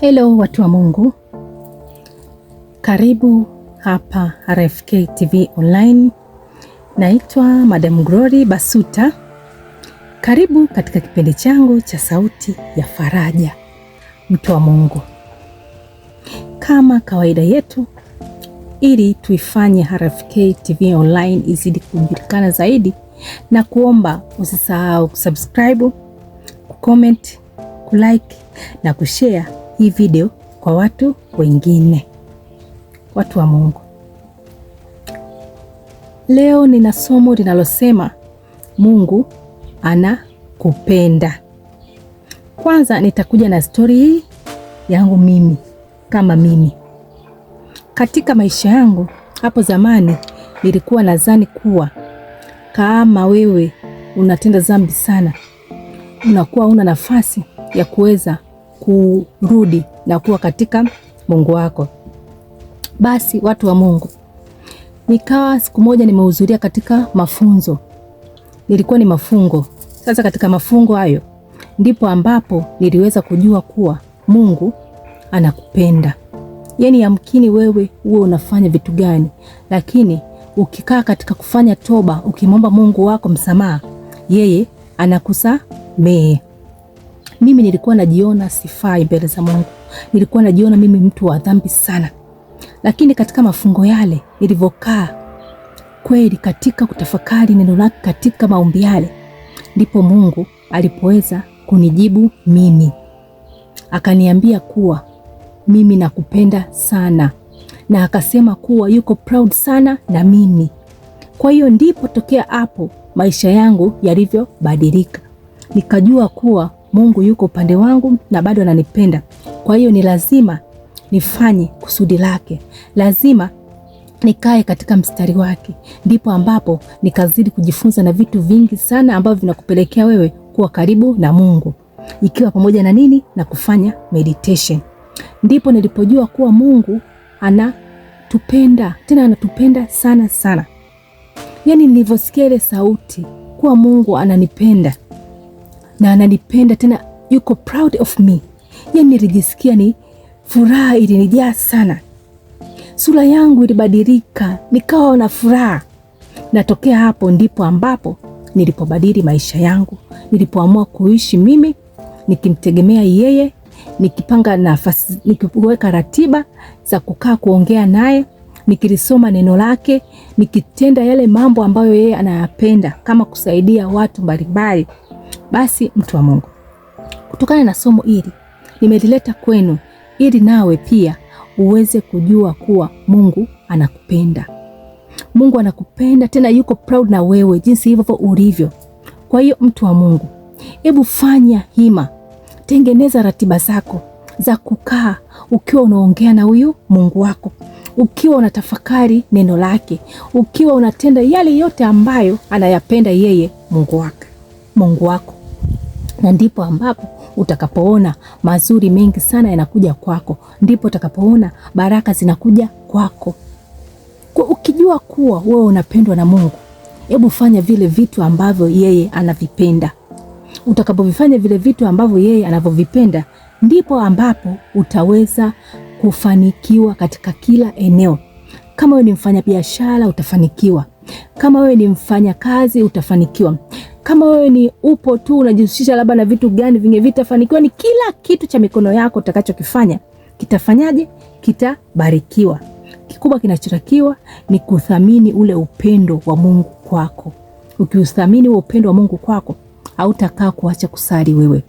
Hello watu wa Mungu, karibu hapa RFK TV online. Naitwa Madam Glory Basuta. Karibu katika kipindi changu cha Sauti ya Faraja. Mtu wa Mungu, kama kawaida yetu, ili tuifanye RFK TV online izidi kujulikana zaidi, na kuomba usisahau kusubscribe, kucomment, kulike na kushare hii video kwa watu wengine. Watu wa Mungu, leo nina somo linalosema Mungu anakupenda. Kwanza nitakuja na stori hii yangu mimi kama mimi katika maisha yangu. Hapo zamani nilikuwa nadhani kuwa kama wewe unatenda dhambi sana, unakuwa una nafasi ya kuweza kurudi na kuwa katika Mungu wako. Basi watu wa Mungu, nikawa siku moja nimehudhuria katika mafunzo, nilikuwa ni mafungo. Sasa katika mafungo hayo ndipo ambapo niliweza kujua kuwa Mungu anakupenda. Yaani yamkini wewe uwe unafanya vitu gani, lakini ukikaa katika kufanya toba, ukimwomba Mungu wako msamaha, yeye anakusamehe. Mimi nilikuwa najiona sifai mbele za Mungu, nilikuwa najiona mimi mtu wa dhambi sana, lakini katika mafungo yale nilivyokaa kweli katika kutafakari neno lake, katika maombi yale, ndipo Mungu alipoweza kunijibu mimi, akaniambia kuwa mimi nakupenda sana, na akasema kuwa yuko proud sana na mimi. Kwa hiyo ndipo tokea hapo maisha yangu yalivyobadilika, nikajua kuwa Mungu yuko upande wangu na bado ananipenda. Kwa hiyo ni lazima nifanye kusudi lake, lazima nikae katika mstari wake, ndipo ambapo nikazidi kujifunza na vitu vingi sana ambavyo vinakupelekea wewe kuwa karibu na Mungu, ikiwa pamoja na nini na kufanya meditation. Ndipo nilipojua kuwa Mungu anatupenda tena, anatupenda sana sana. Yani nilivyosikia ile sauti kuwa Mungu ananipenda na ananipenda tena, yuko proud of me. Yani nilijisikia ni furaha ilinijaa sana, sura yangu ilibadilika, nikawa na furaha. Natokea hapo ndipo ambapo nilipobadili maisha yangu, nilipoamua kuishi mimi nikimtegemea yeye, nikipanga nafasi, nikiweka ratiba za kukaa kuongea naye, nikilisoma neno lake, nikitenda yale mambo ambayo yeye anayapenda kama kusaidia watu mbalimbali. Basi mtu wa Mungu, kutokana na somo hili nimelileta kwenu ili nawe pia uweze kujua kuwa Mungu anakupenda. Mungu anakupenda tena, yuko proud na wewe jinsi hivyo ulivyo. Kwa hiyo mtu wa Mungu, hebu fanya hima, tengeneza ratiba zako za kukaa ukiwa unaongea na huyu Mungu wako, ukiwa unatafakari neno lake, ukiwa unatenda yale yote ambayo anayapenda yeye Mungu wako, Mungu wako na ndipo ambapo utakapoona mazuri mengi sana yanakuja kwako, ndipo utakapoona baraka zinakuja kwako. Kwa ukijua kuwa wewe unapendwa na Mungu, hebu fanya vile vitu ambavyo yeye anavipenda. Utakapovifanya vile vitu ambavyo yeye anavyovipenda, ndipo ambapo utaweza kufanikiwa katika kila eneo. Kama wewe ni mfanyabiashara utafanikiwa, kama wewe ni mfanyakazi utafanikiwa kama wewe ni upo tu unajihusisha labda na vitu gani vyenye vitafanikiwa, ni kila kitu cha mikono yako utakachokifanya kitafanyaje? Kitabarikiwa. Kikubwa kinachotakiwa ni kuthamini ule upendo wa Mungu kwako. Ukiuthamini ule upendo wa Mungu kwako, hautakaa kuacha kusali wewe,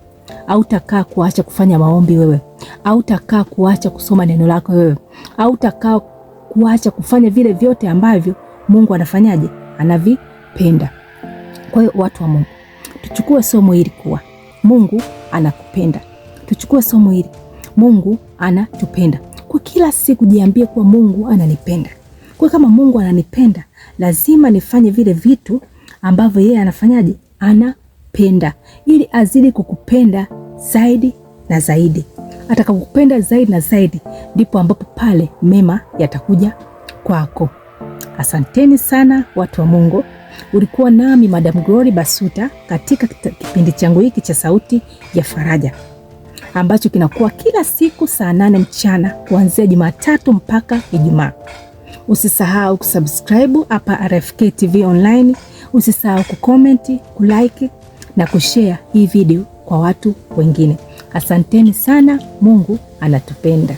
hautakaa kuacha kufanya maombi wewe, hautakaa kuacha kusoma neno lako wewe, hautakaa kuacha kufanya vile vyote ambavyo Mungu anafanyaje, anavipenda. Kwa hiyo watu wa Mungu, tuchukue somo hili kuwa Mungu anakupenda, tuchukue somo hili, Mungu anatupenda. Kwa kila siku jiambie kuwa Mungu ananipenda. Kwa kama Mungu ananipenda, lazima nifanye vile vitu ambavyo yeye anafanyaje, anapenda, ili azidi kukupenda zaidi na zaidi. Atakakupenda zaidi na zaidi, ndipo ambapo pale mema yatakuja kwako. Asanteni sana watu wa Mungu. Ulikuwa nami Madam Glory Basuta katika kipindi changu hiki cha Sauti ya Faraja ambacho kinakuwa kila siku saa nane mchana kuanzia Jumatatu mpaka Ijumaa. Usisahau kusubscribe hapa RFK TV Online. Usisahau kukomenti, kulike na kushare hii video kwa watu wengine. Asanteni sana. Mungu anatupenda.